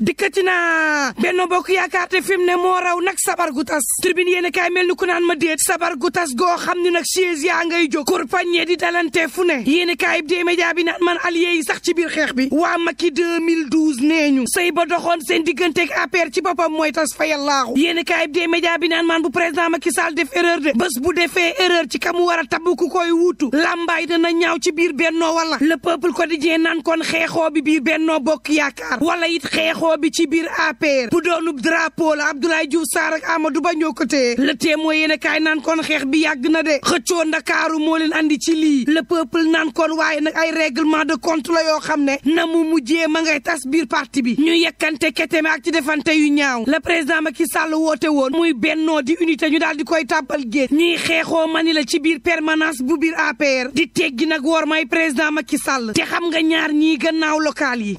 dikkati naa benn bokk yaakaar te fi mu ne moo raw nag sabar gu tas tribune yéen kaay mel ni ku naan ma déet sabar gu tas goo xam ne nag chaise a ngay jóg kurpañe di dalante fu ne yéen kaay bi média bi naan man allié yi sax ci biir xeex bi waa Macky 2012 nee ñu sëy ba doxoon seen digganteeg APR ci boppam mooy tas fa yàllaahu yéen kaay bi média bi naan man bu président Macky saal def erreur de bés bu defee erreur ci kamu war a tabbu ku koy wuutu làmbaay dana ñaaw ci biir bennoo wala le peuple quotidien naan kon xeexoo bi biir bennoo bokk yaakaar wala it xeexoo drapeau bi ci biir APR bu doonub drapeau la Abdoulaye Diouf Sarr ak Amadou Ba ñoo ko téye le témoin yéen a kon xeex bi yàgg na de xëccoo ndakaaru moo leen andi ci lii le peuple naan kon waaye nag ay règlement de compte la yoo xam ne na mu mujjee ma ngay tas biir parti bi ñu yekkante keteme ak ci defante yu ñaaw le président ki sal woote woon muy bennoo di unité ñu daal di koy tàbbal géej ñuy xeexoo ma ni la ci biir permanence bu biir APR di teggi nag woor may président Macky Sall xam nga ñaar ñii gannaaw local yi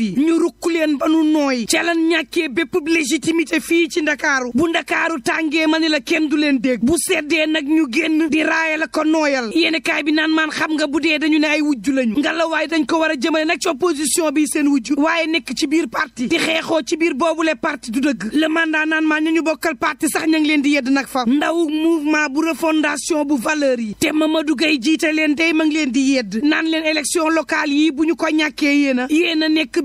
vie ñu rukk leen ba nu nooy ca lan ñàkkee bépp légitimité fii ci ndakaaru bu ndakaaru tàngee ma ni la kenn du leen dégg bu seddee nag ñu génn di raaya la ko nooyal yéeni kaay bi naan maan xam nga bu dee dañu ne ay wujju lañu nga la waaye dañ ko war a jëmale nag ci opposition bi seen wujju waaye nekk ci biir parti di xeexoo ci biir boobule parti du dëgg le mandat naan maan ñu bokkal parti sax ña leen di yedd nag fa ndaw ma bu refondation bu valeur yi te Mamadou Gueye jiite leen day ma ngi leen di yedd naan leen élection yi bu ñu ko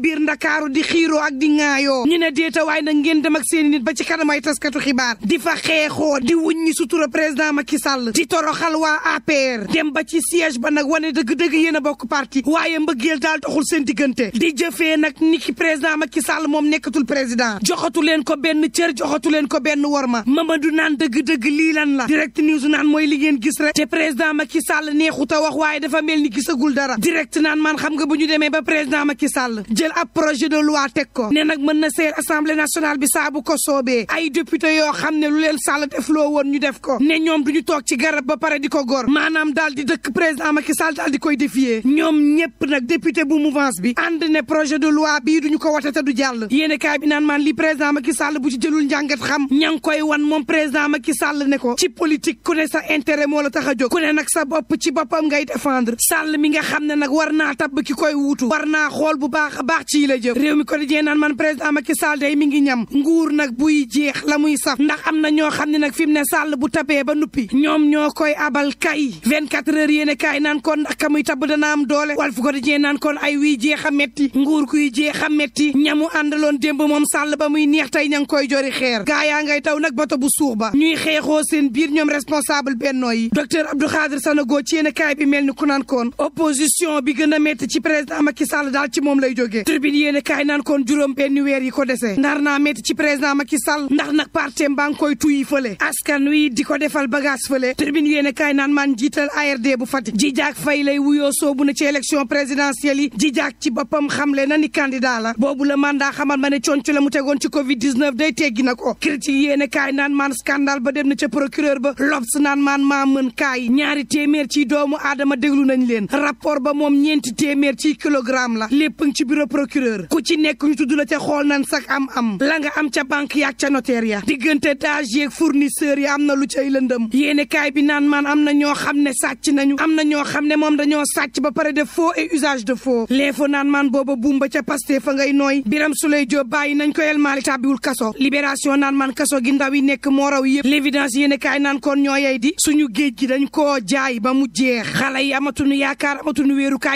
biir ndakaaru di xiiroo ak di ŋaayoo ñu ne déeta waaye nag ngeen dem ak seeni nit ba ci kanam ay taskatu xibaar di fa xeexoo di wuññi sutura président Macky Sall di xal waa APR dem ba ci siège ba nag wane dëgg-dëgg yéen a bokk parti waaye mbëggeel daal doxul seen diggante di jëfe nag ni ki président Macky Sall moom nekkatul président joxatu leen ko benn cër joxatu leen ko benn worma Mamadou naan dëgg-dëgg lii lan la direct news naan mooy li ngeen gis rek président Macky Sall neexut a wax waaye dafa mel ni gisagul dara direct naan man xam nga bu ñu demee ba président Macky Sall jël ab projet de loi teg ko ne nag mën na seer assemblée nationale bi saa bu ko soobee ay député yoo xam ne lu leen sàll def loo woon ñu def ko ne ñoom duñu toog ci garab ba pare di ko gor maanaam daal di dëkk président Macky Sall daal di koy défier ñoom ñëpp nag député bu mouvance bi ànd ne projet de loi bii duñu ko wote te du jàll yéene kaay bi naan maan li président Macky Sall bu ci jëlul njàngat xam ña ngi koy wan moom président Macky Sall ne ko ci politique ku ne sa intérêt moo la tax a jóg ku ne nag sa bopp ci boppam ngay défendre Sall mi nga xam ne nag war naa tabb ki koy wuutu war naa xool baax a baax sax ci la jëm réew mi quotidien naan man président Macky Sall day mi ngi ñam nguur nag buy jeex la muy saf ndax am na ñoo xam ne nag fi mu ne sàll bu tapee ba nuppi ñoom ñoo koy abal kay 24 heures yéene kaay naan kon ndax ka muy tabb dana am doole Walf quotidien naan kon ay wii jeex a metti nguur kuy jeex a metti ñamu àndaloon démb moom Sall ba muy neex tey ña ngi koy jori xeer gaa yaa ngay taw nag bato bu suux ba ñuy xeexoo seen biir ñoom responsable bennoo yi docteur Abdou Khadir Sanogo ci kaay bi mel ni ku naan koon opposition bi gën a metti ci président Macky Sall daal moom lay jógee tribune yéen a kaay naan kon juróom benn weer yi ko dese nar naa métti ci président Macky Sall ndax nag parti mbaa ngi koy tuyi fële askan wi di ko defal bagage fële tribune yéen a kaay naan man jiital ARD bu Fatick ji jaak fay lay wuyoo soobu na ci élection présidentielle yi ji jaak ci boppam xamle na ni kandidaa la boobu la mandat xamal ma ne conco la mu tegoon ci covid 19 day teggi na ko critique yéen a kaay naan man scandale ba dem na ca procureur ba lobs naan man maa mën kaay ñaari téeméer ci doomu aadama déglu nañ leen rapport ba moom ñeenti téeméer ci kilogramme la lépp ci bureau procureur ku ci nekk ñu tudd la ca xool nan sax am am la nga am ca banque yaak ca notaire ya diggante daaj yeeg fournisseur ya am na lu cay lëndëm yéene kaay bi naan maan am na ñoo xam ne sàcc nañu am na ñoo xam ne moom dañoo sàcc ba pare def faux et usage de faux léefo naan maan booba buumba ca paste fa ngay nooy biram suley joob bàyyi nañ ko el maali tàbbiwul kaso libération naan maan kaso gi ndaw yi nekk moo raw yëpp l'évidence yéene kaay naan kon ñoo yey di suñu géej gi dañ koo jaay ba mu jeex xale yi amatuñu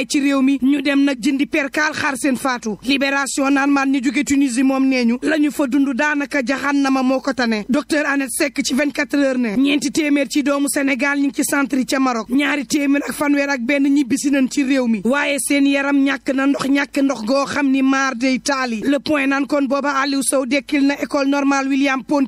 ci réew mi faatu libération naan maan ñi jóge Tunisie moom nee ñu la ñu fa dund daanaka jaxannama moo ko tane docteur Annette sekk ci 24 heures ne ñeenti téeméer ci doomu Sénégal ñu ngi ci centri yi ca Maroc ñaari téeméer ak fanweer ak benn ñibbisi nañ ci réew mi waaye seen yaram ñàkk na ndox ñàkk ndox goo xam ni maar day taali le point naan kon booba Aliou Sow dekkil na école normale William Ponty